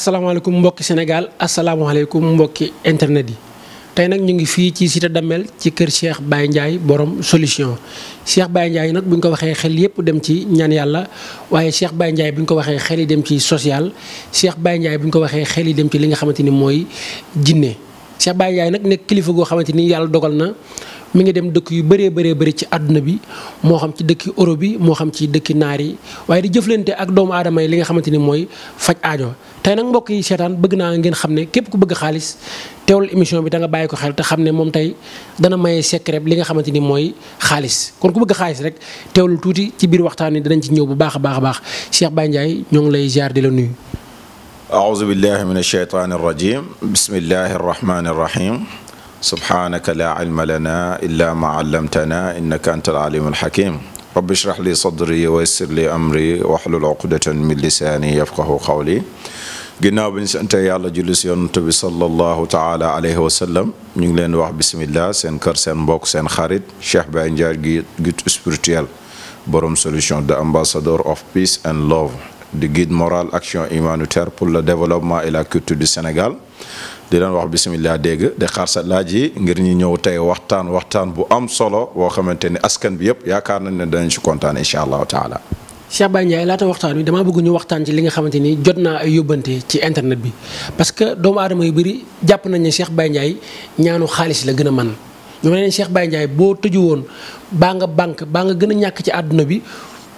asalaamaaleykum mbokki Sénégal asalaamaaleykum mbokki internet yi tey nag ñu ngi fii ci cité Damel ci kër Cheikh Baye Ndiaye borom solution Cheikh Baye Ndiaye nag bu ñu ko waxee xel yëpp dem ci ñaan yàlla waaye Cheikh Baye Ndiaye bu ñu ko waxee xel yi dem ci social Cheikh Baye Ndiaye bu ñu ko waxee xel yi dem ci li nga xamante ni mooy jinne Cheikh Baye Ndiaye nag nekk kilifa goo xamante ni yàlla dogal na. mu ngi dem dëkk yu bëree bëree bëri ci àdduna bi moo xam ci dëkki Europe bi moo xam ci dëkki naar yi waaye di jëflante ak doomu aadama yi li nga xamante ni mooy faj aajo tey nag mbokk yi seetaan bëgg naa ngeen xam ne képp ku bëgg xaalis teewul émission bi danga bàyyi ko xel te xam ne moom tey dana maye secret li nga xamante ni mooy xaalis kon ku bëgg xaalis rek teewlu tuuti ci biir waxtaan wi danañ ci ñëw bu baax a baax baax Cheikh Baye Ndiaye ñoo ngi lay ziar di la nuyu. aouzu billahi min alcheytaani arrajim bismillahi arrahmani arrahim subhanaka laa ilma lana illa ma allamtana innaka anta alalim alhakim rabbi shrah li sadri wa yassir li amri wahlul uqdatan min lisani yafqahu ginnaaw bi ñu sante yàlla julli si yonent bi sallallahu taala alayhi wa sallam ñu ngi leen wax bismillah seen kër seen mbokk seen xarit Cheikh ba Ndiar gi guide spirituel borom solution de ambassadeur of peace and love di guide moral action humanitaire pour le développement et la culture du Sénégal di leen wax bismillah dégg de xaar sa laaj yi ngir ñu ñëw tey waxtaan waxtaan bu am solo boo xamante ni askan bi yëpp yaakaar nañ ne danañ ci kontaan incha allahu taala Cheikh Baye Ndiaye laata waxtaan wi dama bëgg ñu waxtaan ci li nga xamante ni jot naa ay yóbbante ci internet bi parce que doomu aadama yu bëri jàpp nañ ne Cheikh Baye Ndiaye ñaanu xaalis la gën a man ñoo ne leen Cheikh Baye Ndiaye boo tëju woon baa nga banque baa nga gën a ñàkk ci àdduna bi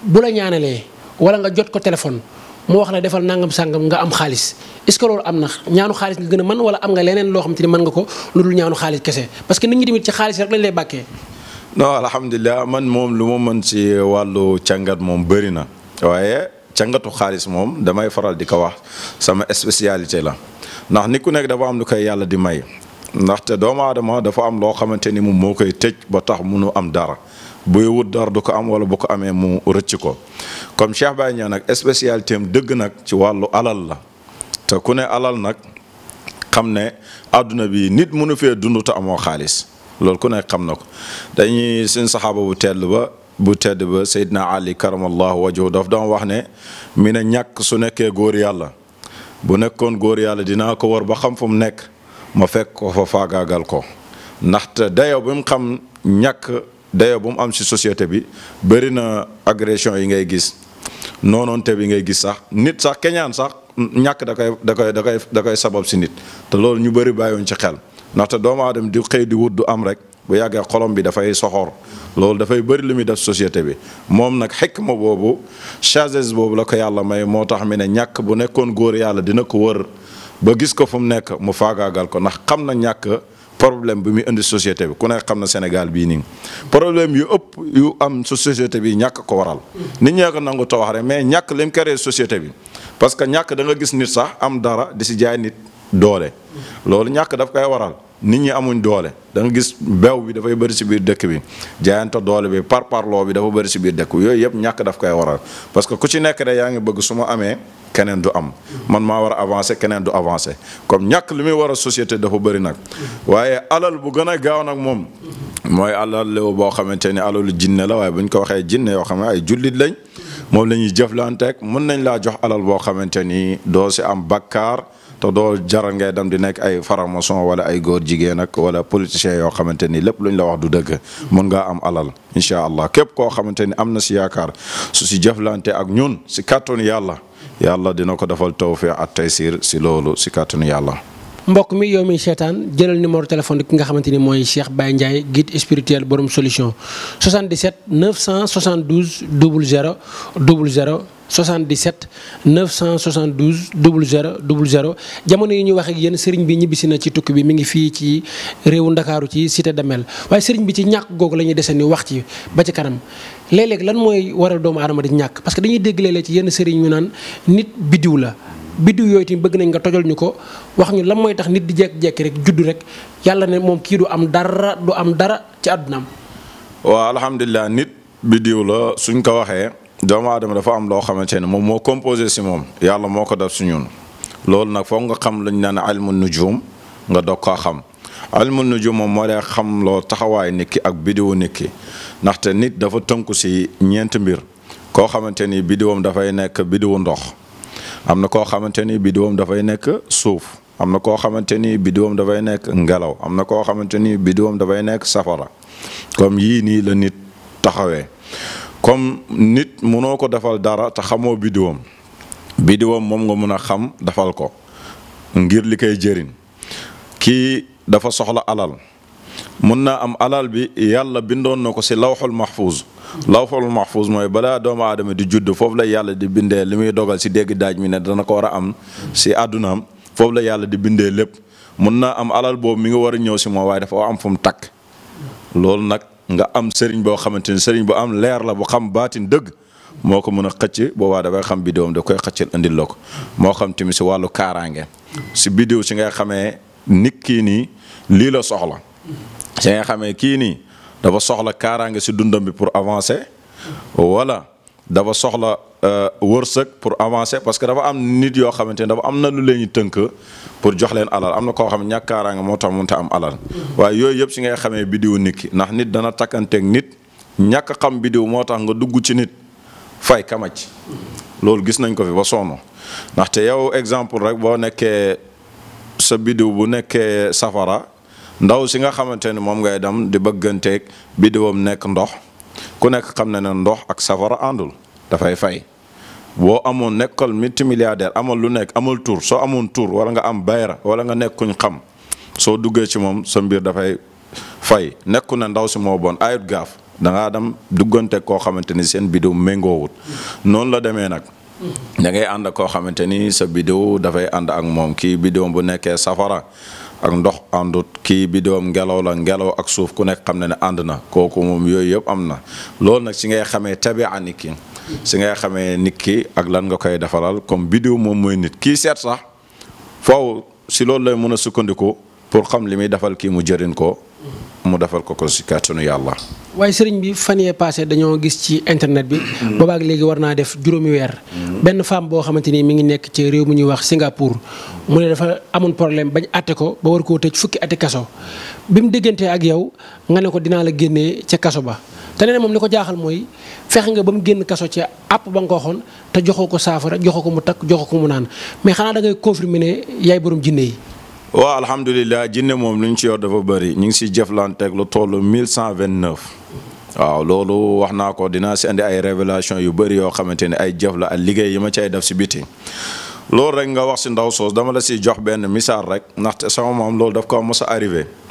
bu la ñaanalee wala nga jot ko téléphone mu wax la defal nangam sàngam nga am xaalis est-ce am na ñaanu xaalis nga gën a mën wala am nga leneen loo xamante ni mën nga ko lu dul ñaanu xaalis kese parce que nit ñi tamit ci xaalis rek lañ lay non alhamdulilah man moom lu ma mën ci wàllu càngat moom bëri na waaye càngatu xaalis moom damay faral di ko wax sama spécialité la ndax ni ku nekk dafa am lu koy yàlla di may ndaxte doomu aadama dafa am loo xamante ni moom moo koy tëj ba tax munu am dara buy wut dara du ko am wala bu ko amee mu rëcc ko comme Cheikh Baye Niang nag spécialité am dëgg nag ci wàllu alal la te ku ne alal nag xam ne àdduna bi nit munu fee dund te amoo xaalis. loolu ku nekk xam na ko dañuy suñ saxaaba bu tedd ba bu tedd ba Seydina Ali karamallahu wajhu daf doon wax ne mi ne ñàkk su nekkee góor yàlla bu nekkoon góor yàlla dinaa ko war ba xam fu mu nekk ma fekk ko fa faagaagal ko ndaxte dayo bi mu xam ñàkk dayo bu mu am si société bi bëri na agression yi ngay gis noonoonte bi ngay gis sax nit sax keñaan sax ñàkk da koy da da koy da koy sabab ci nit te loolu ñu bëri bàyyoon ci xel ndaxte doomu aadama di xëy di wut du am rek bu yàggee xolom bi dafay soxor loolu dafay bëri lu muy def société bi moom nag ma boobu sagesse boobu la ko yàlla may moo tax mi ne ñàkk bu nekkoon góor yàlla dina ko wër ba gis ko fu mu nekk mu faagaagal ko ndax xam na ñàkk problème bi muy indi société bi ku ne xam na Sénégal bii nii problème yu ëpp yu am su société bi ñàkk ko waral nit ñee ko nangu tawax rek mais ñàkk lim créé société bi parce que ñàkk da nga gis nit sax am dara di si jaay nit doole loolu ñàkk daf koy waral nit ñi amuñ doole da gis beew bi dafay bëri si biir dëkk bi jaayante doole bi par parloo bi dafa bëri si biir dëkk bi yooyu yëpp ñàkk daf koy waral parce que ku ci nekk rek yaa ngi bëgg suma ma amee keneen du am man maa war a avancer keneen du avancer comme ñàkk li muy war a société dafa bëri nag waaye alal bu gën a gaaw nag moom mooy alal léew boo xamante ni alalu jinne la waaye bu ñu ko waxee jinne yoo xam ne ay jullit lañ moom la ñuy jëflanteeg mën nañ laa jox alal boo xamante ni doo si am bakkaar te doo jaral ngay dam di nekk ay faramason wala ay góor jigéen ak wala politiciens yoo xamante ni lépp luñ la wax du dëgg mun ngaa am alal incha allah képp koo xamante ni am na si yaakaar su si jëflante ak ñun si kàttanu yàlla yàlla dina ko defal tawfiq ak taysir si loolu si kàttanu yàlla. mbokk mi yow mi seetaan jëlal numéro téléphone ki nga xamante ni mooy Cheikh Baye Ndiaye guide spirituel borom solution 77 972 00 00. 77 972 00 00 jamono yi ñuy wax yenn yéen sëriñ bi ñibbisi na ci tukki bi mu ngi fii ci réewu ndakaaru ci cité Damel waaye sëriñ bi ci ñàkk googu lañuy ñuy dese ni wax ci ba ci kanam léeg-léeg lan mooy waral doomu aadama di ñàkk parce que dañuy dégg léeg ci yenn sëriñ ñu naan nit biddiw la biddiw yooyu tamit bëgg nañ nga tojal ñu ko wax ñu lan mooy tax nit di jekk-jekki rek juddu rek yàlla ne moom kii du am dara du am dara ci àddunaam waaw alhamdulilah nit biddiw la suñ ko waxee doomu aadama dafa am loo xamante ne moom moo composé si moom yàlla moo ko def si ñun loolu nag foog nga xam lañ naan almu nujum nga dog koo xam almu nujum moom moo lay xam loo taxawaayu nit ki ak biddiwu nit ki ndaxte nit dafa tënku si ñeenti mbir koo xamante ni biddiwam dafay nekk biddiwu ndox am na koo xamante ni biddiwam dafay nekk suuf am na koo xamante ni biddiwam dafay nekk ngelaw am na koo xamante ni biddiwam dafay nekk safara kom yii nii la nit taxawee comme nit mënoo ko defal dara te xamoo biddiwam biddiwam moom nga mën a xam defal ko ngir li koy jëriñ kii dafa soxla alal mën naa am alal bi yàlla bindoon na ko si lawxul mahfuz lawxul mahfuz mooy balaa doomu aadama di judd foof la yàlla di bindee li muy dogal si dégg daaj mi ne dana ko war a am si àddunaam foofu la yàlla di bindee lépp mën naa am alal boobu mi nga war a ñëw si moom waaye dafa am fu mu takk loolu nag nga am sëriñ boo xamante ni sëriñ bu am leer la bu xam baatin dëgg moo ko mën a xëcc boobaa dafay xam bidéo am da koy xëccal indil ko moo xam tamit si wàllu kaaraange si bidéo si nga xamee nit kii nii lii la soxla si nga xamee kii nii dafa soxla kaaraange si dundam bi pour avancer wala dafa soxla euh, wërsëg pour avancer parce que dafa am nit yoo xamante ne dafa am na lu leen ñu tënk pour jox leen alal am na koo xam ne moo tax mënut a am alal mm-hmm. waaye yooyu yëpp si ngay xamee biddiwu nit ki ndax nit dana takkanteeg nit ñàkk xam biddiw moo tax nga dugg ci nit fay kamaj mm-hmm. loolu gis nañ ko fi ba sonn ndaxte yow exemple rek boo nekkee sa biddiw bu nekkee safara ndaw si nga xamante ne moom ngay dem di bëgganteeg biddiwam nekk ndox. ku nekk xam na ne ndox ak safara àndul dafay fay boo amoon nekkal multimilliardaire amal lu nekk amul tur soo amoon tur wala nga am bayra wala nga nekkuñ xam soo duggee ci moom sa mbir dafay fay nekku na ndaw si moo bon ayut gaaf dangaa dem duggante koo xamante ni seen bidéo méngoowut noonu la demee nag da ngay ànd koo xamante ni sa bidéo dafay ànd ak moom kii bidéo bu nekkee safara ak ndox àndut kii bidéwam ngelaw la ngelaw ak suuf ku nekk xam na ne ànd na kooku moom yooyu yëpp am na loolu nag si ngay xamee tabia nit ki si ngay xamee nit ki ak lan nga koy defaral comme bidéw moom mooy nit kii seet sax foofu si loolu lay mën a sukkandiku pour xam li muy defal kii mu jëriñ ko mu defal ko ko si kàttanu yàlla waaye sëriñ bi fan yee passé dañoo gis ci internet bi. Mm-hmm. boobaak léegi war naa def juróomi weer. Mm-hmm. benn femme boo xamante ni mi ngi nekk ci réew mu ñuy wax Singapour. mu ne dafa amoon problème bañ àtte ko ba war koo tëj fukki ati kaso bi mu déggantee ak yow nga ne ko dinaa la génnee ca kaso ba. te nee na moom li ko jaaxal mooy fexe nga ba mu génn kaso ci àpp ba nga ko waxoon te joxoo ko saafara joxoo ko mu takk joxoo ko mu naan mais xanaa da ngay confirmer yaay borom jinne yi. waaw alhamdulilah jinne moom lu ci yor dafa bëri ñu ngi siy jëflanteeg lu toll 1129. waaw loolu wax naa ko dinaa si andi ay révélation yu bëri yoo xamante ne ay jëf la ak liggéey yi ma cay def si biti loolu rek nga wax si ndaw soos dama la si jox benn misaal rek ndaxte sama moom loolu daf ko mos a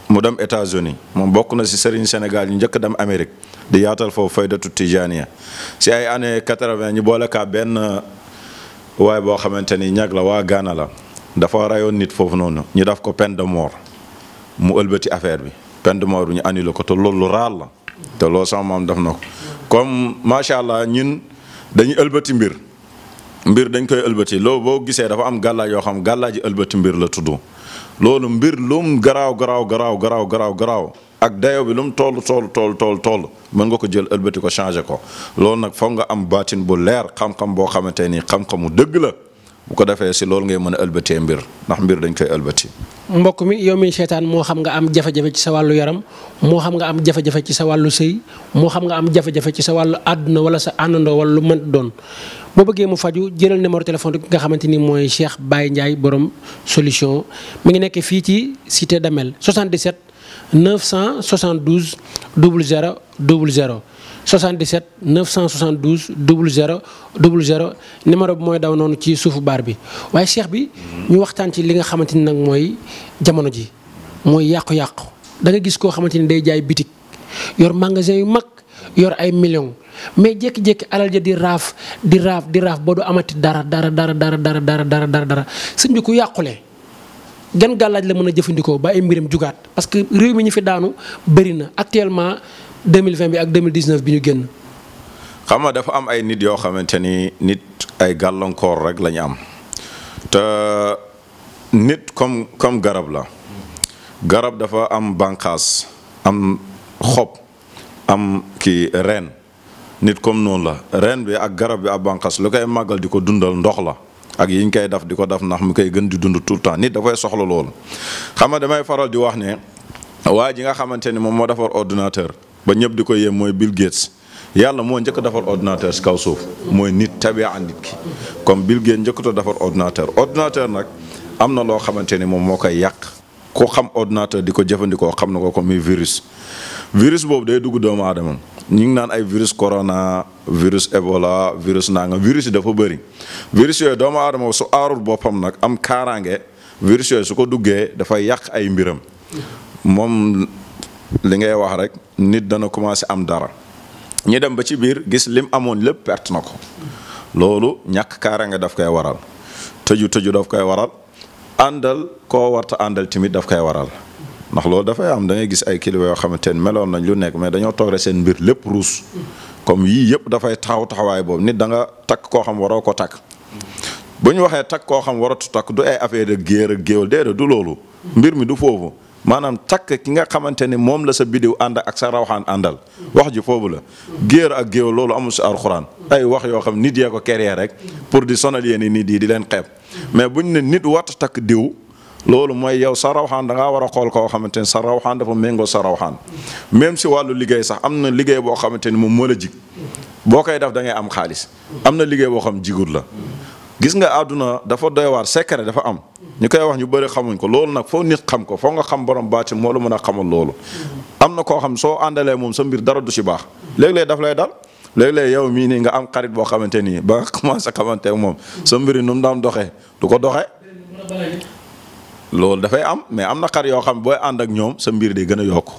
mu dem États-Unis moom bokk na si sëriñ Sénégal ñu njëkk dem Amérique di yaatal foofu faydatu Tijaniya si ay année 80 ñu boole kaa benn waaye boo xamante ni ñag la waa Ghana la dafa rayoon nit foofu noonu ñu daf ko peine de mu ëlbati affaire bi peine de mort bi ñu annulé ko te loolu lu raar la. te loo sama maam def na ko comme macha allah ñun dañuy ëlbati mbir mbir dañ koy ëlbati loo boo gisee dafa am gàllaaj yoo xam gàllaaji ëlbati mbir la tudd loolu mbir lum garaaw garaw garaaw garaw garaaw garaaw ak dayo bi lu mu toll toll toll toll toll mën nga ko jël ëlbati ko changé ko loolu nag foog nga am baatin bu leer xam-xam boo xamante ni xam-xamu dëgg la bu ko defee si loolu ngay mën a ëlbatee mbir ndax mbir dañ koy ëlbati. mbokk mi yow mi seetaan moo xam nga am jafe-jafe ci sa wàllu yaram moo xam nga am jafe-jafe ci sa wàllu sëy moo xam nga am jafe ci sa wàllu àdduna wala sa àndandoo wala lu mën doon boo bëggee mu faju jëlal numéro téléphone bi nga xamante ni mooy Cheikh bàyyi Ndiaye borom solution mu ngi nekk fii ci cité Damel 77 972 00 00. 77 972 00 00 numéro bi mooy daw noonu ci suufu baar bi waaye cheikh bi ñu waxtaan ci li nga xamante ni nag mooy jamono ji mooy yàqu-yàqu da nga gis koo xamante ni day jaay bitig yor magasin yu mag yor ay millions mais jékki-jékki alal ja di raaf di raaf di raaf ba du amati dara dara dara dara dara dara dara dara dara sëñ bi ku yàqule gan gàllaaj la mën a jëfandikoo ba ay mbiram jugaat parce que réew mi ñu fi daanu bëri na actuellement 2020 bi ak 2019 bi ñu génn. xam nga dafa am ay nit yoo xamante ni nit ay gàllankoor rek lañu am te nit comme comme garab la garab dafa am bànqaas am xob am kii ren nit comme noonu la reen bi ak garab bi ak bànqaas lu koy màggal di ko dundal ndox la ak yi ñu koy daf di ko daf ndax mu koy gën di dund tout le temps nit dafay soxla lool xam nga damay faral di wax ne waa ji nga xamante ni moom moo defar ordinateur. ba ñëpp di ko yéem mooy Bill Gates yàlla moo njëkk defar ordinateur si kaw mooy nit tabia nit ki comme Bill Gates njëkkut a defar ordinateur ordinateur nag am na loo xamante ni moom moo koy yàq ko xam ordinateur di ko jëfandikoo xam na ko comme virus virus boobu day dugg doomu aadama ñu ngi naan ay virus corona virus Ebola virus nanga virus dafa bëri virus yooyu doomu aadama su aarul boppam nag am kaaraange virus yooyu su ko duggee dafay yàq ay mbiram li ngay wax rek nit dana commencé am dara ñu dem ba ci biir gis lim amoon lépp pert na ko loolu ñàkk kaara nga daf koy waral tëju tëju daf koy waral àndal koo warta àndal timit daf koy waral ndax loolu dafay am da gis ay kilifa yoo xamante ne meloon nañ lu nekk mais dañoo toog rek seen mbir lépp ruus comme yii yëpp dafay taxaw taxawaay boobu nit da nga takk koo xam waroo ko takk bu ñu waxee takk koo xam waratu takk du ay affaire de géer ak géewal déedéet du loolu mbir mi du foofu maanaam takk ki nga xamante ne moom la sa biddiw ànd ak sa rawxaan àndal wax ji foofu la géer ak géew loolu amul sa alxuraan ay wax yoo xam nit yee ko créer rek pour di sonal yéen nit yi di leen xeeb mais bu ñu ne nit wat takk diw loolu mooy yow sa rawxaan da ngaa war a xool koo xamante ne sa rawxaan dafa méngoo sa rawxaan même si wàllu liggéey sax am na liggéey boo xamante ni moom moo la jig boo koy def da ngay am xaalis am na liggéey boo xam jigut la gis nga àdduna dafa doy waar dafa am ñu koy wax ñu bëri xamuñ ko loolu nag foo nit xam ko foo nga xam borom baatin moo la mën a xamal loolu am na koo xam soo àndalee moom sa mbir dara du ci baax léeg daf lay dal léeg yow mii nii nga am xarit boo xamante nii ba nga commencé xamante ak moom sa mbir yi nu mu daan du ko doxe loolu dafay am mais am na xar yoo xam booy ànd ak ñoom sa mbir di gën a yokk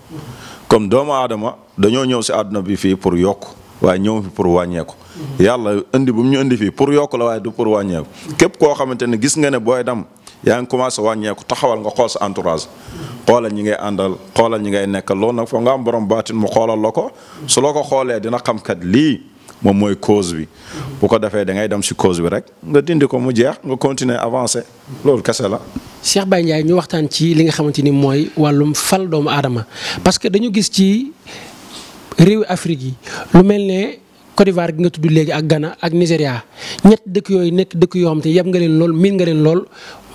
comme doomu aadama dañoo ñëw si àdduna bi fii pour yokk waaye ñëw fi pour wàññeeku. yàlla indi bu mu ñu indi fii pour yokk la waaye du pour wàññeeku. képp koo xamante ne gis nga ne booy dem yaa ngi commencé wàññeeku taxawal nga xool sa entourage. xoolal ñi ngay àndal xoolal ñi ngay nekkal loolu nag foog nga am borom baatin mu xoolal la ko su la ko xoolee dina xam kat lii moom mooy cause bi. bu ko defee da ngay dem si cause bi rek nga dindi ko mu jeex nga continuer avancer loolu kese la. Cheikh Baye Ndiaye ñu waxtaan ci li nga xamante ni mooy wàllum fal doomu aadama réew réewi Afrique yi lu mel ne Côte d'Ivoire gi nga tudd léegi ak Ghana ak Nigéria ñett dëkk yooyu nekk dëkk yoo xam te yab nga leen lool miin nga leen lool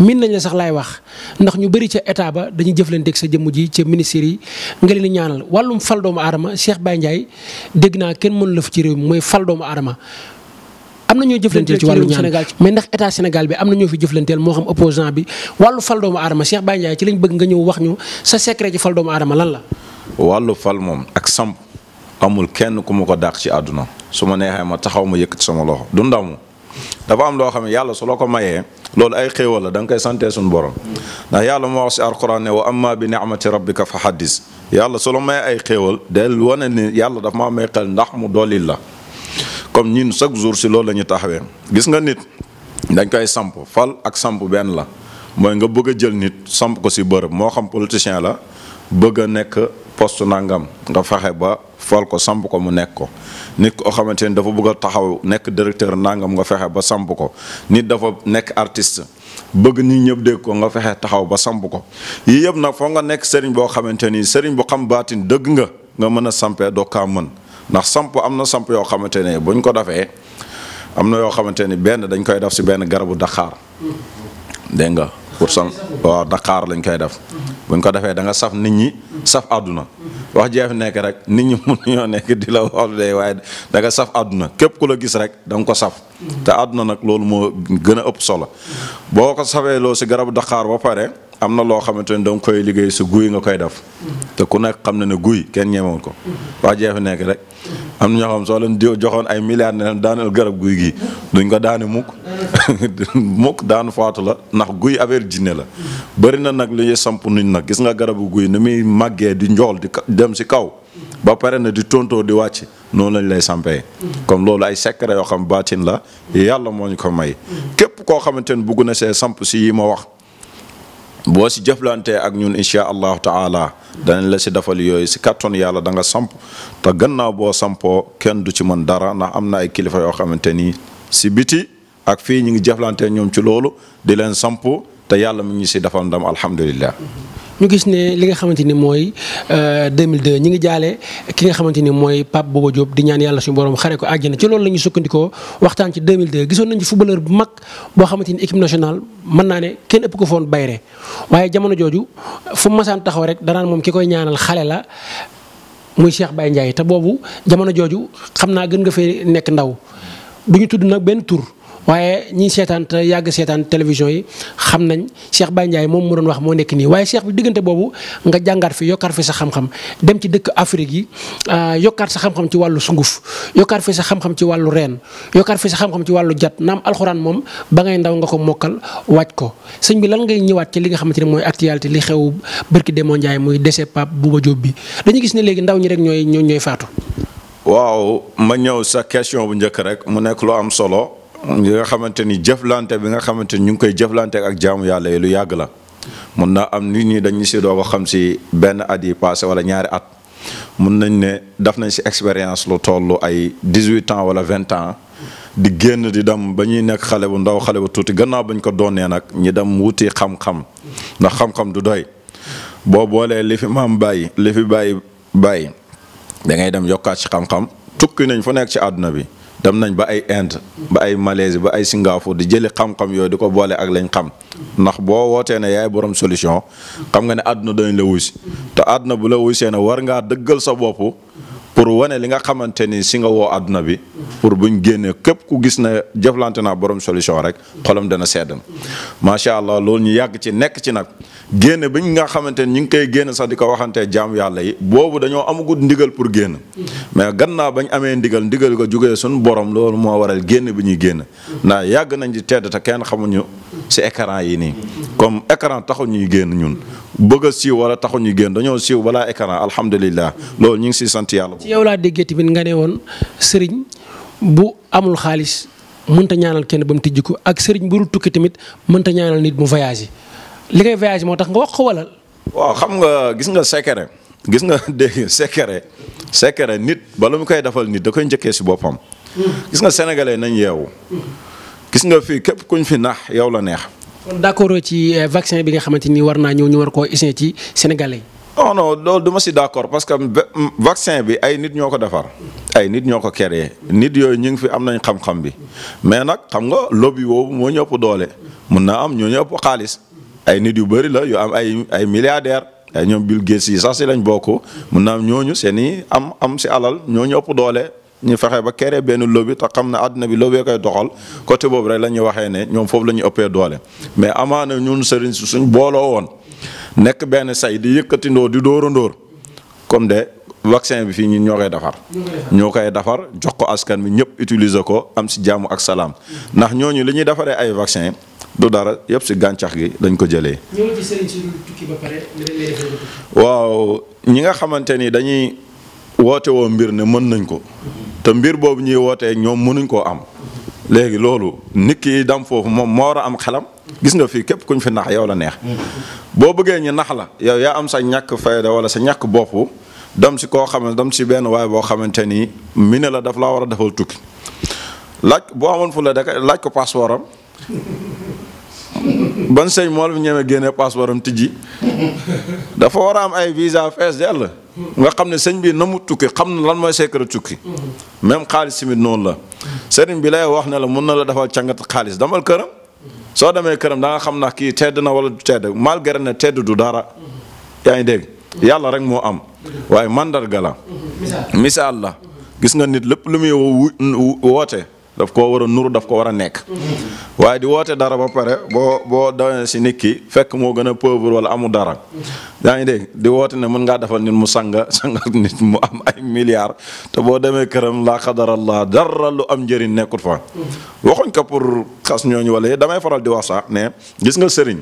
miin nañ la sax lay wax ndax ñu bari ca état ba dañu jëflanteek sa jëmm ji ca ministère yi nga leen ñaanal wàllum fal doomu aadama Cheikh Baye Ndiaye dégg naa kenn mënu la fi ci réew mi mooy fal doomu aadama. am na ñoo jëflanteel ci wàllu ñaan mais ndax état Sénégal bi am na ñoo fi jëflanteel moo xam opposant bi wàllu fal doomu aadama Cheikh Baye Ndiaye ci lañ bëgg nga ñëw wax ñu sa secret ci fal lan la. wàllu fal moom ak samp amul kenn ku ma ko dàq ci àdduna su ma neexee ma taxaw ma yëkkati sama loxo du ndamu dafa am loo xam ne yàlla su la ko mayee loolu ay xéewal la da nga koy santee suñu borom ndax yàlla moo wax ci alquran ne wa amma bi ni'mati rabbika fa haddis yàlla solo la ay xéewal del wana ne yàlla daf ma may ndax mu dolli la comme ñun chaque jour si loolu la ñu taxawee gis nga nit dañ koy samp fal ak samp benn la mooy nga bëgg a jël nit samp ko si bërëb moo xam politicien la bëgg a nekk poste nangam nga fexe ba fal ko samp ko mu nekk ko nit koo xamante ni dafa bëgg a taxaw nekk directeur nangam nga fexe ba samp ko nit dafa nekk artiste bëgg nit ñëpp dégg ko nga fexe taxaw ba samp ko yii yëpp nag foo nga nekk sëriñ boo xamante ni sëriñ bu xam baatin dëgg nga nga mën a sampee doo kaa mën ndax samp am na samp yoo xamante ne buñ ko defee am na yoo xamante ni benn dañ koy def si benn garabu Dakar mm-hmm. dégg nga pour sol waaw daqaar lañ koy def buñ ko defee danga nga saf nit ñi saf àdduna wax jeef nekk rek nit ñi mun ñoo nekk di la wax de waaye danga nga saf àdduna képp ku la gis rek da ko saf te àdduna nag loolu moo gën a ëpp solo boo ko safee loo si garabu daqaar ba pare am na loo xamante ne danga koy liggéey su guy nga koy def te ku nekk xam na ne guy kenn ñemewul ko waa fa nekk rek am na ñoo xam soo leen joxoon ay milliards ne daaneel garab guy gii duñ ko daane mukk mukk daanu faatu la ndax guy affaire jinne la bëri na nag li samp nuñ nag gis nga garabu guy ni muy màggee di njool di dem si kaw ba pare na di tontoo di wàcc noonu lañ lay sampee kon loolu ay secret yoo xam baatin la yàlla moo ñu ko may képp koo xamante ne bugg na see samp si yi ma wax boo si jëflantee ak ñun incha allahu taala danañ la si defal yooyu si kattan yàlla da nga samp te gannaaw boo sampoo kenn du ci mën dara ndax am na ay kilifa yoo xamante ni si biti ak fii ñu ngi jëflantee ñoom ci loolu di leen samp te yàlla mu ngi si defal ndam alhamdulillah ñu gis ne li nga xamante ni mooy 2002 euh, ñi ngi jaale ki nga xamante ni mooy Pape boobu Diop di ñaan yàlla suñu borom xare ko àjjana ci loolu lañuy ñu sukkandikoo waxtaan ci 2002 gisoon nañu ci footballeur bu mag boo xamante ni équipe nationale mën naa ne kenn ëpp ko foon bayre waaye jamono jooju fu masaan taxaw rek danaan moom ki koy ñaanal xale la muy Cheikh bay Ndiaye te boobu jamono jooju xam naa gën nga fee nekk ndaw du ñu tudd nag benn tur. waaye ñi seetaan te yàgg seetaan télévision yi xam nañ Cheikh Baye moom mu doon wax moo nekk nii waaye seex bu diggante boobu nga jàngaat fi yokkaat fi sa xam-xam dem ci dëkk Afrique yi euh, yokkaat sa xam-xam ci wàllu sunguf yokkaat fi sa xam-xam ci wàllu reen yokkaat fi sa xam-xam ci wàllu jat naam alxuraan moom ba ngay ndaw nga ko mokkal waaj ko sëñ bi lan ngay ñëwaat ci li nga xamante ne mooy actualité li xew bërki demoo Ndiaye muy décès Pape Bouba Diop bi dañu gis ne léegi ndaw ñi rek ñooy ñooy faatu waaw ma ñëw sa question bu njëkk rek mu nekk lu am solo li nga xamante ni jëflante bi nga xamante ni ñu ngi koy jëflante ak jaamu yàlla yi lu yàgg la mun na am nit ñi dañ si doog a xam si benn at yi passé wala ñaari at mun nañ ne daf nañ si expérience lu toll ay dix-huit ans wala vingt ans di génn di dem ba ñuy nekk xale bu ndaw xale bu tuuti gannaaw bañ ko donnee nag ñi dem wuti xam-xam ndax xam-xam du doy boo boolee li maam bàyyi lifi fi bàyyi bàyyi da ngay dem yokkaat si xam-xam tukki nañ fu nekk si àdduna bi dem nañ ba ay Inde ba ay Malaisie ba ay Singapour di jëli xam-xam yooyu di ko boole ak lañ xam ndax boo wootee ne yaay borom solution xam nga ne àdduna dañ la wusi te àdduna bu la wusee ne war ngaa dëggal sa boppu pour wane li nga xamante ni si nga woo àdduna bi pour buñ génnee képp ku gis na jëflante na borom solution rek xolam dana sedd macha allah loolu ñu yàgg ci nekk ci nag. génne ñu nga xamante ni ñu ngi koy génn sax di ko waxantee jaam yàlla yi boobu dañoo amagut ndigal pour génn mais ba ñu amee ndigal ndigal ko jógee suñu borom loolu moo waral génn bi ñuy génn ndax yàgg nañ ci tedd te kenn xamuñu si écran yi nii comme écran taxu ñuy génn ñun bëgg a siiw wala taxu ñuy génn dañoo siiw balaa écran alhamdulillah loolu ñu ngi siy sant yàlla. ci yow laa déggee tamit nga ne woon sëriñ bu amul xaalis mënta ñaanal kenn ba mu tijji ko ak sëriñ bu tukki tamit mënta ñaanal nit mu voyage li ngay viage moo tax nga wax ko wala. waaw xam nga gis nga secret gis nga dégg secret secret nit bala mu koy defal nit da koy njëkkee si boppam. gis nga sénégalais nañ yeewu. gis nga fii képp kuñ fi nax yow la neex. kon d'accord ci eh, vaccin bi nga xamante ni war naa ñëw ñu war koo essayé ci sénégalais yi. non non parce que vaccin bi ay nit ñoo ko defar ay nit ñoo ko créé nit yooyu ñu ngi fi am nañ xam-xam bi mais nag xam nga lobby boobu moo ñëpp doole mun naa am ñoo ñëpp xaalis ay nit yu bëri la yoo am ay ay milliardaires ay ñoom Bill Gates yi sax si lañ bokk mun naa am ñooñu seen i am am si alal ñooñu ëpp doole ñu fexe ba kere benn lobby te xam na àdduna bi lobby koy doxal côté boobu rek la ñuy waxee ne ñoom foofu la ñuy ëppee doole mais amaana ñun sëriñ si suñ booloo woon nekk benn say di yëkkatindoo di dóorandóor comme de vaccin bi fii ñun ñoo koy defar. ñoo koy defar jox ko askan bi ñëpp utiliser ko am si jàmm ak salaam ndax ñooñu li ñuy defaree ay vaccin du dara yëpp si gàncax gi dañ ko jëlee. waaw ñi nga xamante ni dañuy woote woo mbir ne mën nañ ko. te mbir boobu ñuy wootee ñoom mënuñ koo am. léegi loolu nit ki dam foofu moom moo war a am xelam. gis nga fii képp kuñ fi nax yow la neex. boo bëggee ñu nax la yow yaa am sa ñàkk fayda wala sa ñàkk bopp. dem si koo xam ne si benn waaye boo xamante ni mi ne la def laa war a defal tukki laaj boo amoon fu la laaj ko passeport am ban sëñ moo la fi ñeme génne passeport am tijji dafa war a am ay visa fees dell nga xam ne sëñ bi na tukki xam lan mooy secret tukki même xaalis tamit noonu la sëriñ bi lay wax ne la mun na la defal càngat xaalis damal këram soo demee këram da xam na kii tedd na wala du tedd malgré ne tedd du dara yaa ngi dégg yàlla rek moo am waaye mandarga la misaal la gis nga nit lépp lu muy woote daf koo war a nuru daf ko war a nekk waaye di woote dara ba pare boo boo dawee si nit ki fekk moo gën a pauvre wala amul dara yaa ngi dégg di woote ne mën ngaa defal nit mu sanga sanga nit mu am ay milliards te boo demee këram laa xadarallah dara lu am njëriñ nekkut fa waxuñ ko pour xas ñooñu wala damay faral di wax sax ne gis nga sëriñ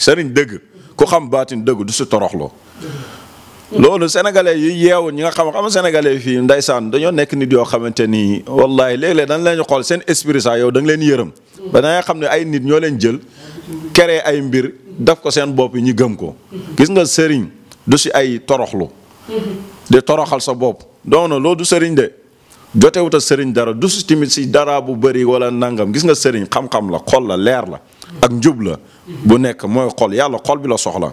sëriñ dëgg ku xam baatin dëgg du si toroxloo loolu sénégalais yi yeewu ñi nga xam xam sénégalais fii ndaysaan dañoo nekk nit yoo xamante ni wallaahi léeg-léeg dañ leen xool seen esprit sax yow da leen yërëm ba da xam ne ay nit ñoo leen jël kere ay mbir daf ko seen bopp yi ñu gëm ko gis nga sëriñ du si ay toroxlu di toroxal sa bopp donc loolu du sëriñ de jotewut a sëriñ dara du si si dara bu bëri wala nangam gis nga sëriñ xam-xam la xol la leer la ak njub la bu nekk mooy xol yàlla xol bi la soxla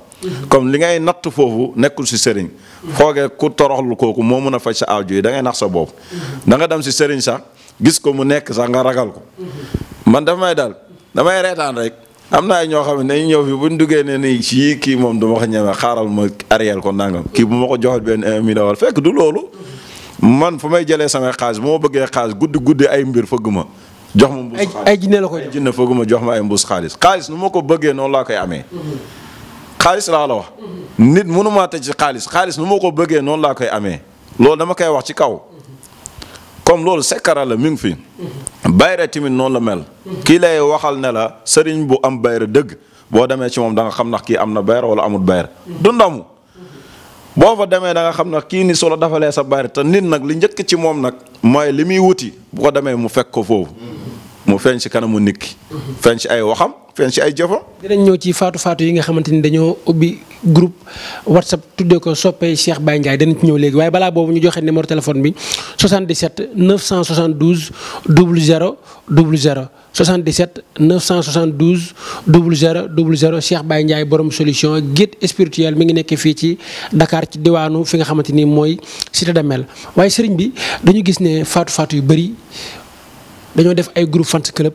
comme li ngay natt foofu nekkul si sëriñ foogee ku toroxlu kooku moo mën a faj sa aajo yi da ngay nax sa bopp da nga dem si sëriñ sax gis ko mu nekk sax nga ragal ko man dafa may dal damay reetaan rek am naa ay ñoo xam ne dañuy ñëw fi buñ duggee ne ni ci kii moom dama ko ñemee xaaral ma ariel ko nangam kii bu ma ko joxee benn un million fekk du loolu man fu may jëlee samay xaalis moo bëggee xaalis guddi guddi ay mbir fëgg ma jox ma mbuus xaalis ay jinne la koy jinne fëgg ma jox ma ay mbuus xaalis xaalis nu ma ko bëggee noonu laa koy amee xaalis laa la wax nit mënu maa tëj ci xaalis xaalis nu ma ko bëggee noonu laa koy amee loolu dama koy wax ci kaw comme loolu sekkara la mi ngi fi bayre tamit noonu la mel kii lay waxal ne la sëriñ bu am bayre dëgg boo demee ci moom danga xam ndax kii am na bayre wala amul bayre du ndamu boo fa demee da xam na kii ni solo dafalee sa bari te nit nag lu njëkk ci moom nag mooy li muy wuti bu ko demee mu fekk ko foofu mu feeñ si kanamu nit ki feeñ si ay waxam feeñ si ay jëfam. dinañ ñëw ci faatu faatu yi nga xamante ni dañoo ubbi groupe whatsapp tuddee ko soppee Cheikh Baye Ndiaye danañ ci ñëw léegi waaye balaa boobu ñu joxe numéro téléphone bi 77 972 00 00 77 972 00 00 Cheikh Baye Ndiaye borom solution guide spirituel mi ngi nekk fii ci Dakar ci diwaanu fi nga xamante ni mooy cité Damel waaye sëriñ bi dañu gis ne faatu faatu yu bëri dañoo def ay groupe fans club.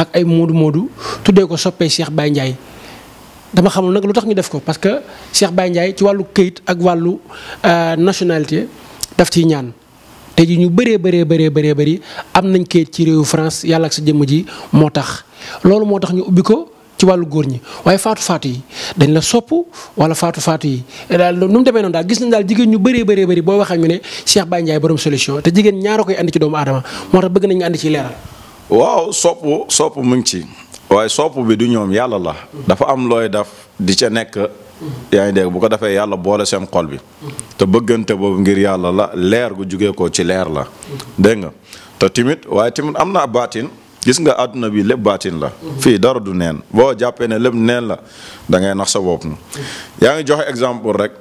ak ay moodu moodu tuddee ko soppee Cheikh Baye Ndiaye dama xamul nag lu tax ñu def ko parce que Cheikh Baye Ndiaye ci wàllu këyit ak wàllu euh, nationalité daf ciy ñaan tey ji ñu bëree bëree bëree bëree bëri am nañ këyit ci réewu France yàlla ak sa jëmm ji moo tax loolu moo tax ñu ubbi ko ci wàllu góor ñi waaye faatu faatu yi dañ la sopp wala faatu faatu yi eh, daal nu mu demee noonu daal gis nañ daal jigéen ñu bëree bëree bëri boo waxee ñu ne Cheikh Baye Ndiaye borom solution te jigéen ñaara koy andi ci doomu aadama moo bëgg nañ nga ci leeral waaw sopp sopp mu ngi ci waaye sopp bi du ñoom yàlla la dafa am looy def di ca nekk yaa ngi dégg bu ko defee yàlla boole seen xol bi te bëggante boobu ngir yàlla la leer gu jógee ko ci leer la dégg nga te timit waaye timit am naa baatin gis nga àdduna bi lépp baatin la fii dara du neen boo jàppee ne lépp neen la da ngay nax sa bopp yaa ngi joxe exemple rek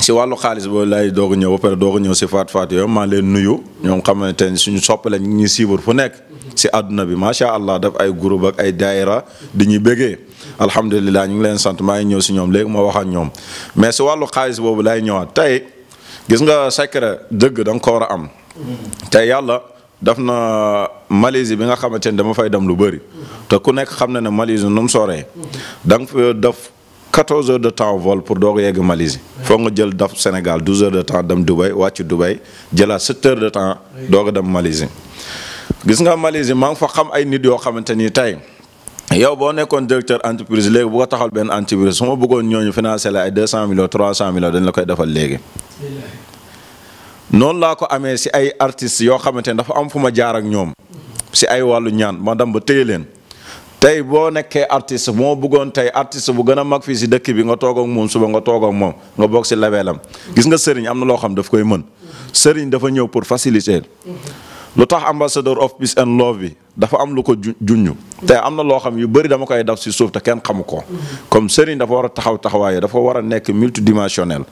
si wàllu xaalis boobu lay doog ñëw ba pare doog a ñëw si faat faat yooyu maa leen nuyu ñoom xam ne suñu soppale ñu ngi siibur fu nekk si àdduna bi macha allah daf ay group ak ay daayira di ñu bëggee alhamdulilah ñu ngi leen sant maa ngi ñëw si ñoom léegi ma wax ñoom mais si wàllu xaalis boobu lay ñëwaat tey gis nga secret dëgg da nga ko war a am. tey yàlla daf na Malaisie bi nga xamante ni dama fay dem lu bëri te ku nekk xam na ne Malaisie nu mu sooree da nga fa def heures de temps vol pour doog yegg Malaisie foog nga jël daf Sénégal 12 heures de temps dem Dubaï wàcc Dubaï jëlaat 7 heures de temps doog a dem Malaisie. gis nga Malaisie man ngi xam ay nit yoo xamante ni tey yow boo nekkoon directeur entreprise léegi bu ko taxal benn entreprise su ma ñooñu financé la ay deux cent millions trois cent koy defal léegi. noonu laa ko amee si ay artistes yoo xamante ni dafa am fu ma jaar ak ñoom si ay wàllu ñaan ma dem ba téye leen tey boo nekkee artiste moo buggoon tey artiste bu gën a mag fii si dëkk bi nga toog ak moom suba nga toog ak moom nga bokk si labeelam gis nga sëriñ am na loo xam daf koy mën sëriñ dafa ñëw pour lu tax ambassador of peace and love bi dafa am lu ko junj te am na loo xam yu bëri dama koy daf si suuf kenn xamu ko comme sëriñ dafa war a taxaw taxawaaye dafa war a nekk multidimensionnel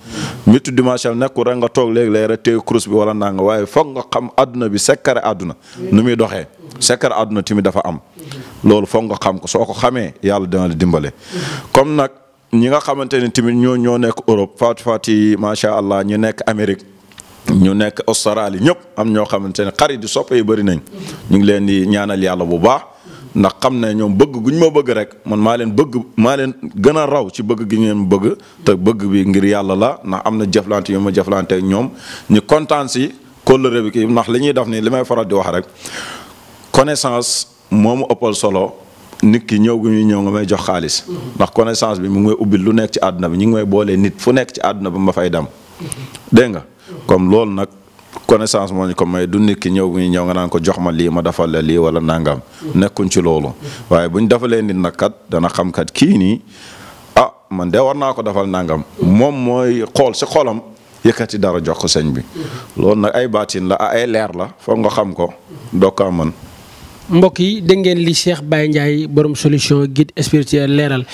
multidimensionnel nekkul rek nga toog léegi lay rek téye kurus bi wara nanga waaye foog nga xam àdduna bi sekkare àdduna nu muy doxee sekkare àdduna tamit dafa am loolu foog nga xam ko soo ko xamee yàlla dina la dimbale comme nag ñi nga xamante ne tamit ñoo ñoo nekk Europe faatu faati macha allah ñu nekk Amérique ñu nekk Australie ñëpp am ñoo xamante ne xarit di soppe yi bari nañ ñu ngi leen di ñaanal yàlla bu baax ndax xam ne ñoom bëgg guñ ma bëgg rek man maa leen bëgg maa leen gën a raw ci bëgg gi ngeen bëgg te bëgg bi ngir yàlla la ndax am na jaflante yu ma jëflante ñoom ñu kontaan si kóllëre bi kii ndax li ñuy def nii li may faral di wax rek connaissance moomu ëppal solo nit ki ñëw gu ñëw nga may jox xaalis ndax connaissance bi mu ngi may ubbil lu nekk ci àdduna bi ñu ngi may boolee nit fu nekk ci àdduna bi ma fay dem dégg nga comme loolu nag connaissance moo ñu ko may du nit ki ñëw bu ñu ñëw nga naan ko jox ma lii ma defal la lii wala nangam nekkuñ ci loolu waaye bu ñu defalee nit nag kat dana xam kat kii nii ah man de war naa ko defal nangam moom mooy xool si xolam yëkkati dara jox ko sëñ bi loolu nag ay baatin la ay leer la foog nga xam ko doo ko ah, mën mbokk yi dégg ngeen li Cheikh Baye Ndiaye borom solution guide spirituel leeral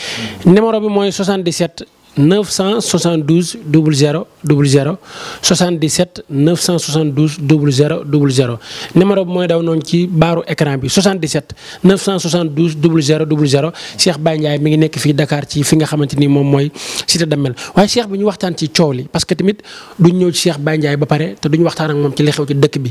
numéro bi mooy 77 972 00 00 77 972 00 00 numéro bi mooy daw noonu ci baaru écran bi 77 972 00 00 Cheikh Baye Ndiaye mi ngi nekk fii Dakar ci fi nga xamante ni moom mooy cité Damel waaye Cheikh bi ñu waxtaan ci coow li parce que tamit duñ ñëw ci Cheikh Baye ba pare te du duñ waxtaan ak moom ci li xew ci dëkk bi.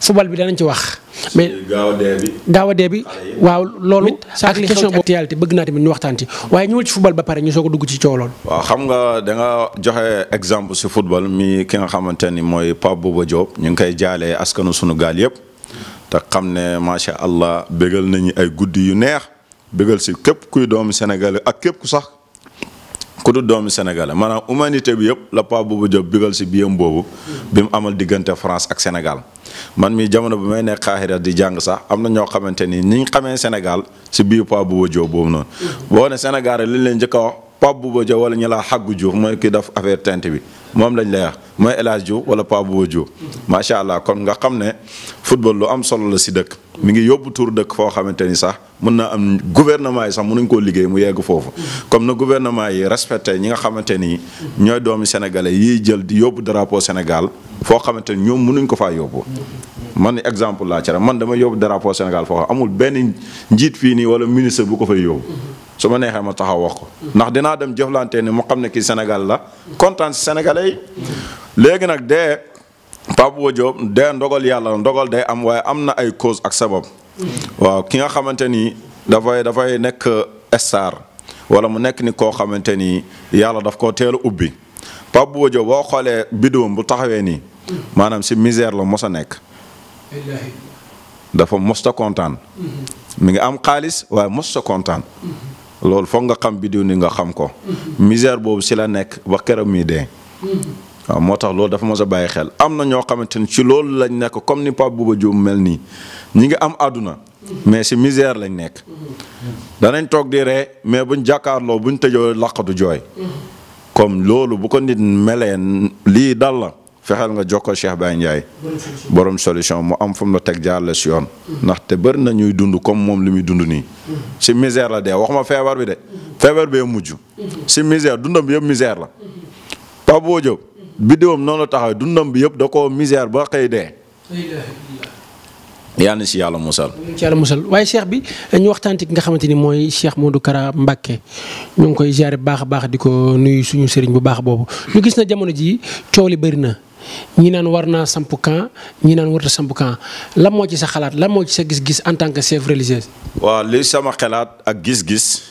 subal bi danañ ci wax. mais gaaw a dee bi. gaaw waaw loolu. ak li question boobu actualité bëgg naa tamit ñu waxtaan ci waaye ñëwal ci football ba pare ñu soog a dugg ci coow loolu. waaw xam nga danga joxe exemple si football mi ki nga xamante ni mooy Pape Bouba Diop ñu ngi koy jaalee askanu suñu gaal yëpp. te xam ne macha allah bégal nañu ay guddi yu neex bégal si képp kuy doomu Sénégal ak képp ku sax ku du doomu Sénégal maanaam humanité bi yëpp la Pape Bouba Diop bégal si biyam boobu. bi amal diggante France ak Sénégal. man mi jamono bi may nekk xaaxira di jàng sax am na ñoo xamante ni ñi xamee Sénégal si biir Pape Bouba Diop boobu noonu. boo ne Sénégal rek li leen njëkk a wax Pape Bouba wala ñu laa xàggu Diouf mooy ki def affaire teinte bi moom lañ lay mooy El Hadj Diouf wala Pape Bouba Diop. macha allah kon nga xam ne football lu am solo la si dëkk. mi ngi yóbbu tur dëkk foo xamante ni sax mën na am gouvernement yi sax mënuñ koo liggéey mu yegg foofu comme na gouvernement yi respecté ñi nga xamante ni ñooy doomi sénégalais yi jël di yóbbu drapeau Sénégal foo xamante ni ñoom mënuñ ko faa yóbbu man exemple laa ci man damay yóbbu drapeau Sénégal foo xam amul benn njiit fii nii wala ministre bu ko fay yóbbu su ma neexee ma taxaw wax ko ndax dinaa dem jëflante ni mu xam ne kii Sénégal la kontaan si Pape Bouba Diop de ndogal yàlla la ndogal day am waaye am na ay cause ak sabab waaw ki nga xamante ni dafay dafay nekk eh, star wala mu nekk ni koo xamante ni yàlla daf ko teel ubbi Pape Bouba Diop boo xoolee bidéom bu taxawee nii maanaam si misère la mos a nekk dafa mosta kontaan mm-hmm. mi ngi am xaalis waaye mosta kontaan mm-hmm. loolu foog nga xam bidéo ni nga xam ko mm-hmm. misère boobu si la nekk ba këram mi dee waaw moo tax loolu dafa mos a bàyyi xel am na ñoo xamante ni ci loolu lañ nekk comme ni Pape ba Diop mel nii ñi ngi am àdduna mais si misère lañ nekk danañ toog di ree mais buñ jàkkaarloo buñ tëjoo du jooy comme loolu bu ko nit melee lii dalla fexeel nga jokkoo Cheikh Baye Ndiaye borom solution mu am fu mu la teg jaar la si yoon ndaxte bëri na ñuy dund comme moom li muy dund nii si misère la dee waxuma feebar bi de feebar bee mujj si misère dundam bi yëpp la Pape Bouba biddiwam noonu taxaw dundam bi yëpp da koo misère ba xëy dee. yàlla na si yàlla musal. ci yàlla musal waaye cheikh bi dañu waxtaan ki nga xamante ni mooy moo du Kara Mbacké ñu ngi koy ziare bu baax a baax di ko nuyu suñu sëriñ bu baax boobu ñu gis na jamono ji coow li bëri na ñi naan war naa samp camp ñi naan warta samp camp lan moo ci sa xalaat lan moo ci sa gis-gis en tant que chef religieux. waa li sama xelaat ak gis-gis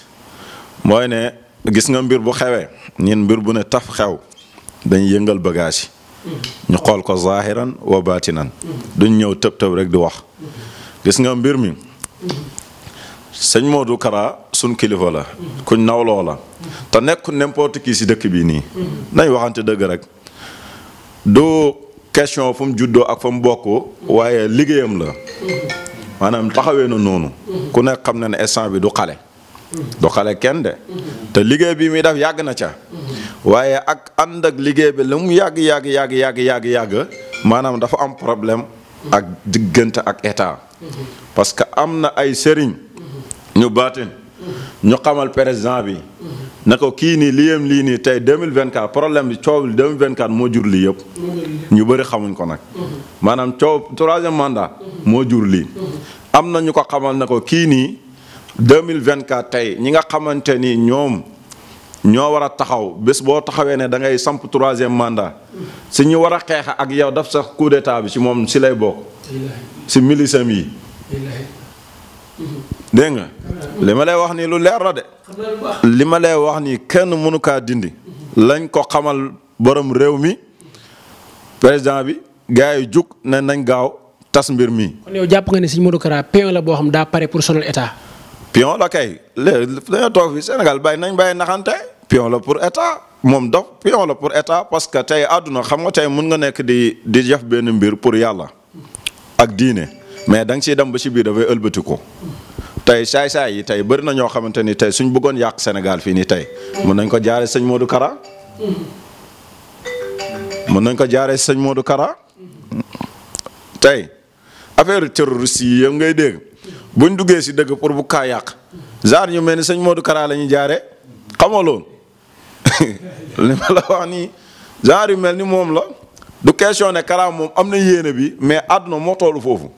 mooy ne gis nga mbir bu xewee ñun mbir bu ne taf xew. dañuy yëngal bagage yi ñu xool ko zaahiran wa baatinan duñ ñëw tëb tëb rek di wax gis nga mbir mi sëñ Modou Kara suñ kilifa la kuñ nawloo la te nekk n'importe kii si dëkk bi nii nañ waxante dëgg rek du question fu mu juddoo ak fa mu bokk waaye liggéeyam la maanaam taxawee na noonu ku nekk xam na ne instant bi du xale doxale kenn de te liggéey bii muy def yàgg na ca waaye ak ànd liggéey bi lu mu yàgg yàgg yàgg yàgg yàgg yàgg maanaam dafa am problème ak diggante ak état parce que am na ay sëriñ ñu baatin ñu xamal président bi na ko kii nii liyam lii nii tey 2024 problème bi coow li 2024 moo jur lii yëpp ñu bëri xamuñ ko nag maanaam coow troisième moo jur lii am na ñu ko xamal na ko kii nii 2024 tey ñi nga xamante ni ñoom ñoo war a taxaw bés boo taxawee ne da ngay samp troisième mandat si ñu war a xeex ak yow daf sax coup d'état bi si moom si lay bokk. si milisam yi. dégg nga li ma lay wax nii lu leer la de. li ma lay wax nii kenn mënu kaa dindi. lañ ko xamal borom réew mi président bi gaa yi jukk ne nañ gaaw tas mbir mi. kon yow jàpp nga ne Serigne Modou Kara pion la boo xam daa pare pour sonal état. pion la kay léegi dañoo toog fi Sénégal bàyyi nañ bàyyi naxante pion la pour état moom dof pion la pour état parce que tey àdduna xam nga tey mun nga nekk di di jëf benn mbir pour yàlla ak diine mais da nga dem ba ci biir dafay ëlbati tey saay-saay yi tey bëri na ñoo xamante ni tey suñ bëggoon yàq Sénégal fii nii tey mun nañ ko jaare sëñ Modou Kara mun nañ ko jaaree sëñ Modou Kara tey affaire terroriste yi yëpp ngay dégg buñ duggee si dëgg pour bu kaa yàq genre ñu mel ni sëñ Modou Kara la ñuy jaaree xamoo loolu li ma la wax nii genre yu mel ni moom la du question ne Kara moom am na yéene bi mais àdduna moo toll foofu.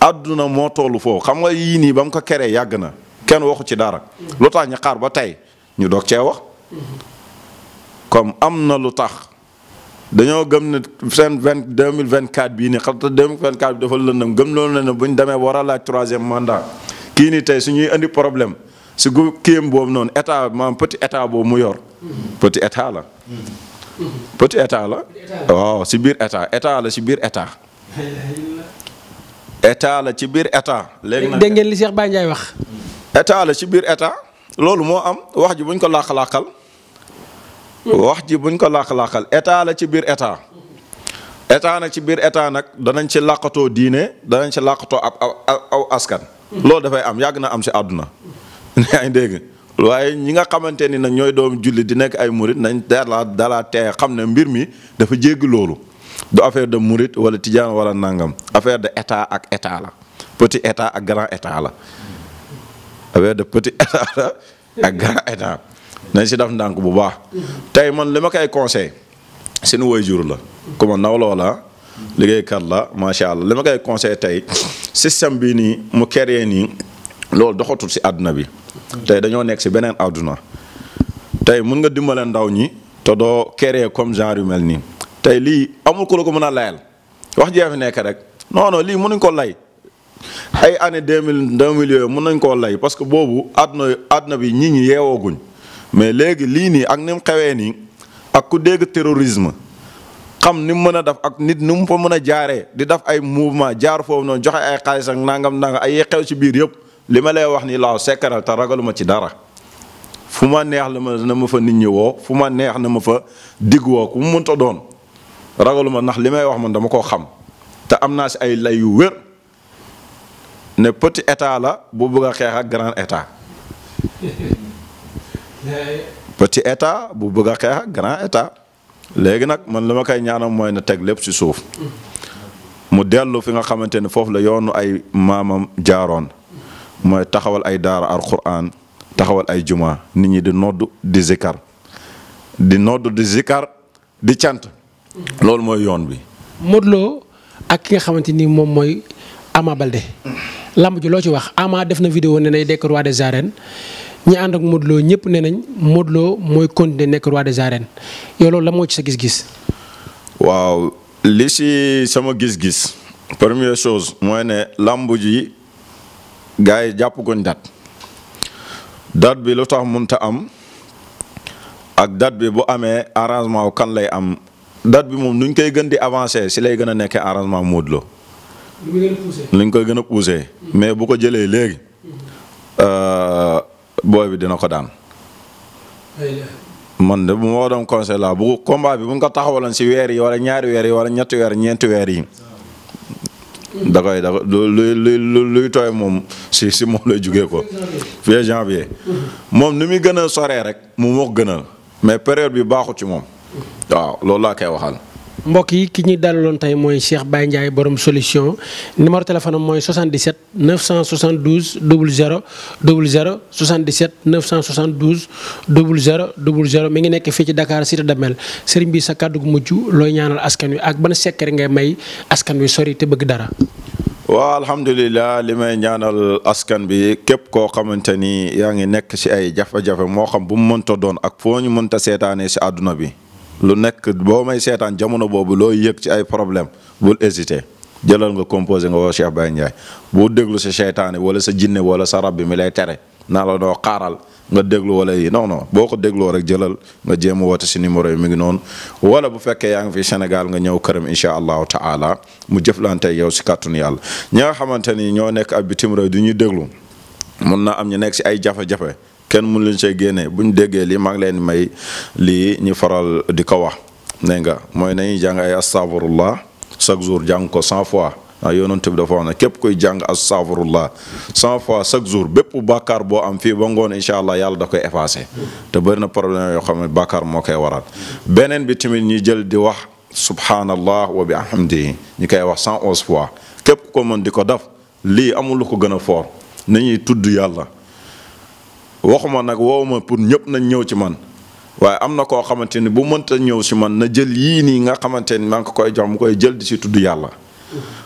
àdduna moo tollu foofu xam nga yii nii ba mu ko keree yàgg na kenn waxu ci dara. lu tax ñu xaar ba tey ñu doog cee wax. kom am na lu tax. dañoo gëm ne seen vingt deux mille vingt quatre bii nii xam te deux mille vingt quatre bi dafa lëndëm gëm loolu ne ne bu ñu demee war a laaj troisième mandat kii nii tey su ñuy indi problème si gu kiyam boobu noonu état maanaam petit état boobu mu yor. petit état la. petit état la. waaw si biir état état la si biir état. état la ci biir état. léegi nag dégg ngeen li Cheikh Baye Ndiaye wax. état la ci biir état loolu moo am wax ji buñ ko làq-làqal. wax ji buñ ko làq-làqal état la ci biir état état nag ci biir état nag danañ ci làqatoo diine danañ ci làqatoo ab aw askan loolu dafay am yàgg na am si àdduna yaa ngi dégg waaye ñi nga xamante ni nag ñooy doom julli di nekk ay murit nañ dala dalaa teye xam ne mbir mi dafa jégg loolu du affaire de murit wala tijaan wala nangam affaire de état ak état la petit état ak grand état la affaire de petit état la ak grand état nañ si def ndànk bu baax. tey man li ma koy conseil seen waajur la. ku ma nawloo la liggéeykat la macha allah li ma koy conseil tey système bi nii mu créé nii loolu doxatul si àdduna bi. tey dañoo nekk si beneen àdduna. tey mun nga dimbale ndaw ñi te doo créé comme genre yu mel nii. tey lii amul ku la ko mën a layal wax jee fi nekk rek non non lii mënuñ ko lay. ay année deux mille deux mille yooyu mën nañ koo lay parce que boobu àdduna àdduna bi nit ñi yeewooguñ mais léegi lii nii ak ni mu xewee nii ak ku dégg terrorisme xam ni mu mën a def ak nit ni mu fa mën a jaaree di def ay mouvement jaar foofu noonu joxe ay xaalis ak nangam nangam ay xew ci biir yëpp li ma lay wax ni laaw sekkaral te ragaluma ci dara fu ma neex la ma ma fa nit ñi fu ma neex na ma fa digg woo ku mu mënta doon ragaluma ndax li may wax man dama koo xam te am naa si ay lay yu wér ne petit état la bu bëgg a xeex ak grand état petit état bu bëgg a xeex ak grand état léegi nag man li ma koy ñaanal mooy na teg lépp ci suuf mu dellu fi nga xamante ni foofu la yoonu ay maamam jaaroon mooy taxawal ay daara alquran taxawal ay juma nit ñi di nodd di zikar di nodd di zikar di cant loolu mooy yoon bi Modou Lo ak ki nga xamante ni moom mooy Ama Baldé lamb ji loo ci wax Ama def na vidéo ne nay dekk roi des arènes ñi ànd ak Modou loo ñëpp nee nañ Modou mooy continuer nekk roi des arènes yow la moo ci sa gis-gis. waaw li si sama gis-gis premier chose mooy ne làmb ji gars yi jàpp goñ dat dat bi lu tax mënta am ak dat bi bu amee arrangement kan lay am dat bi moom nuñ koy gën di avancer si lay gën a nekkee arrangement Modou Lo. luñ koy gën a pousser mais bu ko jëlee léegi. Euh, booy bi dina ko daan. man de bu ma doon conseil bu combat bi bu nga ko taxawaloon si weer yi wala ñaari weer yi wala ñetti weer ñeenti weer yi. Hmm. da koy luy tooy moom si si moom lay jugee ko. fii janvier. moom ni muy gën a soree rek mu moo gënal mais période bi baaxut ci moom. Hmm. waaw loolu laa koy waxal. mbokk yi ki ñuy dalaloon tey mooy Cheikh Baye Ndiaye borom solution numéro téléphone am mooy 77 972 00 00 77 972 00 00 mi ngi nekk fii ci Dakar Cité Damel sëriñ bi sa kàddu gu mujj looy ñaanal askan wi ak ban secret ngay may askan wi sori te bëgg dara. waaw alhamdulilah li ñaanal askan bi képp koo xamante ni yaa ngi nekk ci ay jafe-jafe moo xam bu mu mënta doon ak foo ñu mënta seetaanee si àdduna bi. lu nekk boo may seetaan jamono boobu loo yëg ci ay problème bul hésiter jëlal nga composé nga woo Cheikh Baye Ndiaye boo déglu sa seytaane wala sa jinne wala sa rab bi tere naa la doo xaaral nga déglu wala yi non boo ko dégloo rek jëlal nga jéem a woote si numéro yi mu ngi noonu wala bu fekkee yaa ngi fi Sénégal nga ñëw këram incha allahu taala mu jëflante yow si kàttun yàlla ñi nga xamante ni ñoo nekk ab bitim réew du ñuy déglu mun na am ñu nekk si ay jafe kenn mënu leen see génne bu ñu déggee lii maa ngi leen may lii ñu faral di ko wax nee nga mooy nañuy jàng ay astafurullah chaque jour jàng ko cent fois waaw yonent bi dafa képp koy jàng astafurullah cent fois chaque jour bépp bàkkaar boo am fii ba ngoon incha allah yàlla da koy effacé te bëri problème yoo xam ne bàkkaar moo koy waral beneen bi tamit ñi jël di wax subhanallah wa bi hamdihi ñi koy wax cent onze fois képp ko mën di ko def lii amul lu ko gën a fort nañuy tudd yàlla waxuma nag woowuma pour ñëpp nañ ñëw ci man waaye am na koo xamante ni bu mënta ñëw si man na jël yii nii nga xamante ni maa ngi ko koy jox mu koy jël di si tudd yàlla.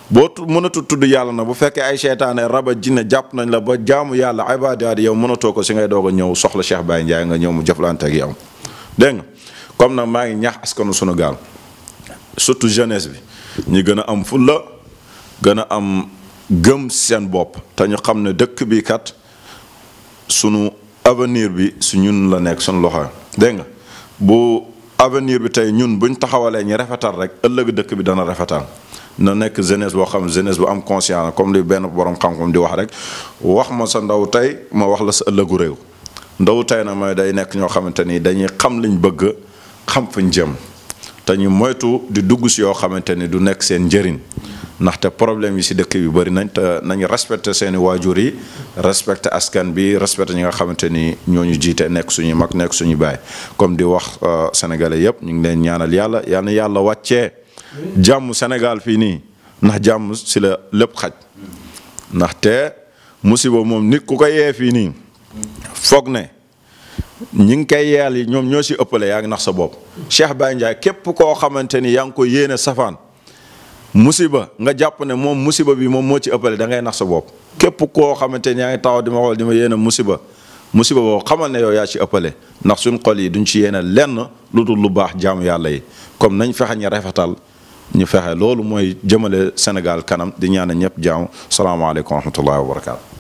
boo mënatul tudd yàlla na bu fekkee ay seetaane raba jinne jàpp nañ la ba jaamu yàlla ay baadiyaat yow mënatoo ko si ngay doog a ñëw soxla Cheikh Baye Ndiaye nga ñëw mu jëflante ak yow. dégg nga comme nag maa ngi ñax askanu sunu gaal surtout jeunesse bi ñu gën a am fulla gën a am gëm seen bopp te ñu xam ne dëkk bi kat sunu. avenir bi su ñun la nekk suñu loxo dégg nga bu avenir bi tey ñun buñ taxawalee ñi rafetal rek ëllëg dëkk bi dana rafetal na nekk jeunesse boo xam jeunesse bu am conscience comme li benn borom xam-xam di wax rek wax ma sa ndaw tey ma wax la sa ëllëgu réew ndaw tey na mooy day nekk ñoo xamante ni dañuy xam liñ bëgg xam fañ jëm te ñu moytu di dugg si yoo xamante ni du nekk seen njëriñ ndaxte problème yi si dëkk bi bari nañ te nañu respecté seeni waajur yi respecté askan bi respecté ñi nga xamante ni ñoo ñu jiite nekk suñu mag nekk suñu baay comme di wax euh, sénégalais yëpp ñu ngi leen ñaanal yàlla yal na yàlla wàcce jàmm Sénégal fii nii ndax jàmm si la lépp xaj ndaxte musiba moom nit ku ko yee fii nii foog ne ñi ngi koy yeel yi ñoom ñoo si ëppale yaa ngi nax sa bopp Cheikh Baye Ndiaye képp koo xamante ni yaa ngi ko yéene safaan. musiba nga jàpp ne moom musiba bi moom moo ci ëppale dangay nax sa bopp képp koo xamante ni yaa ngi taxaw dima ma xool di ma yéene musiba musiba boobu xamal ne yow yaa ci ëppale nax suñ xol yi duñ ci yéene lenn lu dul lu baax jaamu yàlla yi comme nañ fexe ñu rafetal ñu fexe loolu mooy jëmale Sénégal kanam di ñaana ñëpp jaamu salaamaaleykum wa rahmatullahi wa barakaatu.